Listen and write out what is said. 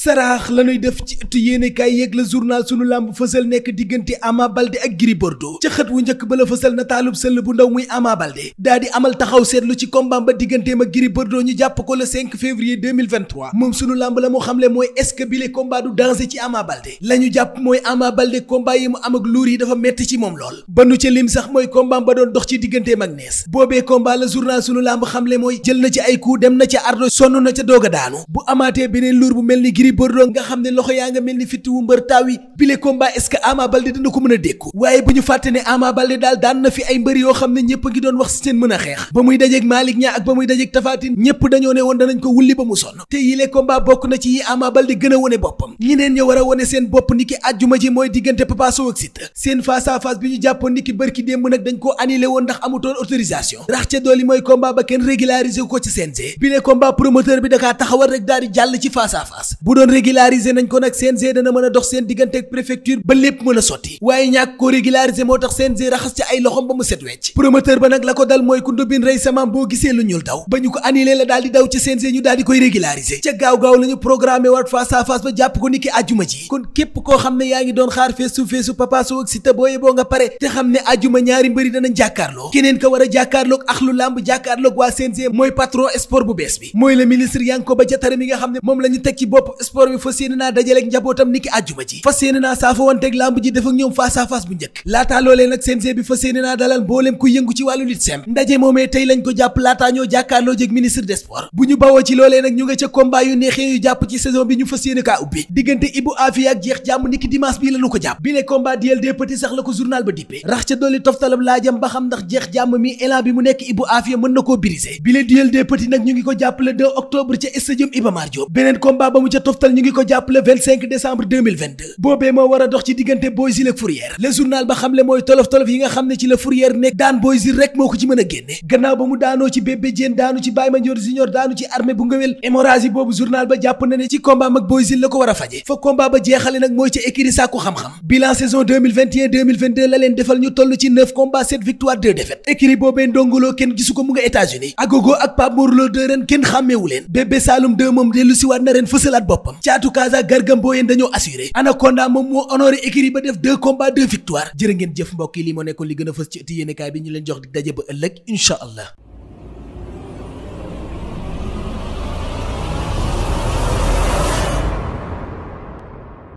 saraax lañuy def ci ëttu yéenekaay yeeg la journal sunu làmb fësal nekk diggante Ama Baldé ak Gris Bordeaux ca xët wu njëkk ba la fësal na taalub sëll bu ndaw muy Ama Baldé daa di amal taxaw seetlu ci combat ba digganteem ak Gris Bordeaux ñu jàpp ko le 5 février 2023 moom sunu làmb la mu xamle mooy est-ce que bile combat du danger ci Ama Baldé la jàpp mooy Ama Baldé combat yi mu am ak luur yi dafa metti ci moom lool ba nu ca lim sax mooy combat ba doon dox ci digganteem ak nees boobee combat la journal sunu na ci ay na ca na ca doog a Gris Bordeaux nga xam ne loxo yaa nga mel ni fittiwu mbër taaw yi bile combat est-ce que Ama Baldé dina ko mën dékku waaye bu ñu fàtte ne Ama Baldé daal fi ay mbër yoo xam ne ñépp ngi doon wax si seen mën a xeex ba muy dajeeg Malick Niang ak ba muy dajeeg Tapha ñépp dañoo ne woon danañ ko wulli ba mu sonn te yile combat bokk na ci yi Ama Baldé gën wone boppam ñeneen ña war wone seen bopp niki àjjuma ji mooy diggante Papa ak Siteu seen face à face doon régulariser nañ ko nag CNG dana mën dox seen diggante ak préfecture ba lépp mën sotti waaye ñàkk ko régulariser moo tax CNG raxas ci ay loxom ba mu set wecc promoteur ba nag la ko dal mooy ku ndóbin rey samaam boo gisee lu ñul daw ba ñu ko annulé la daal di daw ci CNG ñu daal di koy régulariser ca gaaw-gaaw la ñu waat face à ba jàpp ko niki ajuma ji kon képp koo xam ne yaa ngi doon xaar feesu feesu Papa Sow ak Siteu booye a jàkkaarloog ak lu làmb sport bi fas yéene naa dajaleeg njabootam niki àjjuma ji fas yéene naa saafa wanteeg lamb ji def ak ñoom face à face bu njëkk laataa loolee nag CNG bi fas yéene naa dalal mbooleem ku yëngu ci wàllu lutte simple ndaje moomee tey lañ ko jàpp laataa ñoo jàkkaarloo ministre des sports bu ñu bawoo ci loolee nag ñu nga ca combat yu neexee yu jàpp ci saison bi ñu fas yéene kaa ubbi diggante Ibou Afia ak jeex jàmm niki dimanche bii lañu ko jàpp bi le combat duel des toftal ñu ngi ko jàpp le 25 décembre 2022 boobee moo war a ci diggante Boysil ak ba xam le mooy ne ci la Fourrière nekk daan Boysil rek moo ko ci mën a génne ba mu daanoo ci ci Baye boobu journal ba jàpp na ne ci combat mag Boysil a faje fa combat ba jeexale nag mooy ci écurie sàkku xam-xam bilan saison 2021 la leen defal ñu toll ci 9 combats 7 victoires 2 défaites écurie ndongoloo kenn gisu ko mu nga États-Unis agogo ak Pape Morlo 2 ren kenn xàmmeewu leen bébé Saloum 2 moom dellu siwaat na ren fësalaat bopp boppam caatu kaasa garga mbooyeen dañoo assuré anaconda moom moo honoré écurie ba def deux combats deux victoires jërë ngeen jëf mbokk li moo nekkoon li gën a fës ci ëtti yéenekaay bi ñu leen jox di ba ëllëg incha allah